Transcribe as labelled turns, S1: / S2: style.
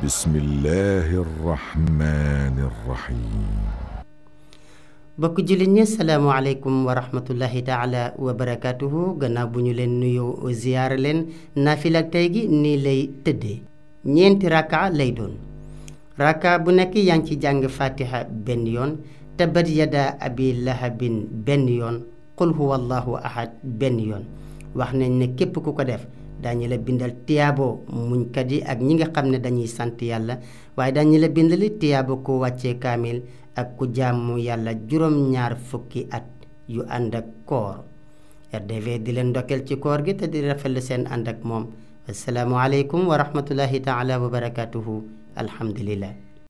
S1: بسم الله الرحمن الرحيم
S2: بكجلني السلام عليكم ورحمة الله تعالى وبركاته غنا بنيو لين نيو زيار لين نافلة ني نيلي تدي لي دون ليدون ركعة بنك يانكي جانج فاتحة يون تبر يدا أبي الله بن يون قل هو الله أحد يون wax nañ ni képp ku ko def daañu la bindal tiyaabo muñkat yi ak ñi nga xam ne dañuy sant yàlla waaye daañu la bindali tiyaabo ku wàccee kaamil ak ku jaamu yàlla juróom-ñaar fukki at yu ànd ak koor RDV di leen ndokkeel ci koor gi te di rafetlu seen ànd ak moom asalaamualeykum wa rahmatullahi taala wa barakatuhu alhamdulillah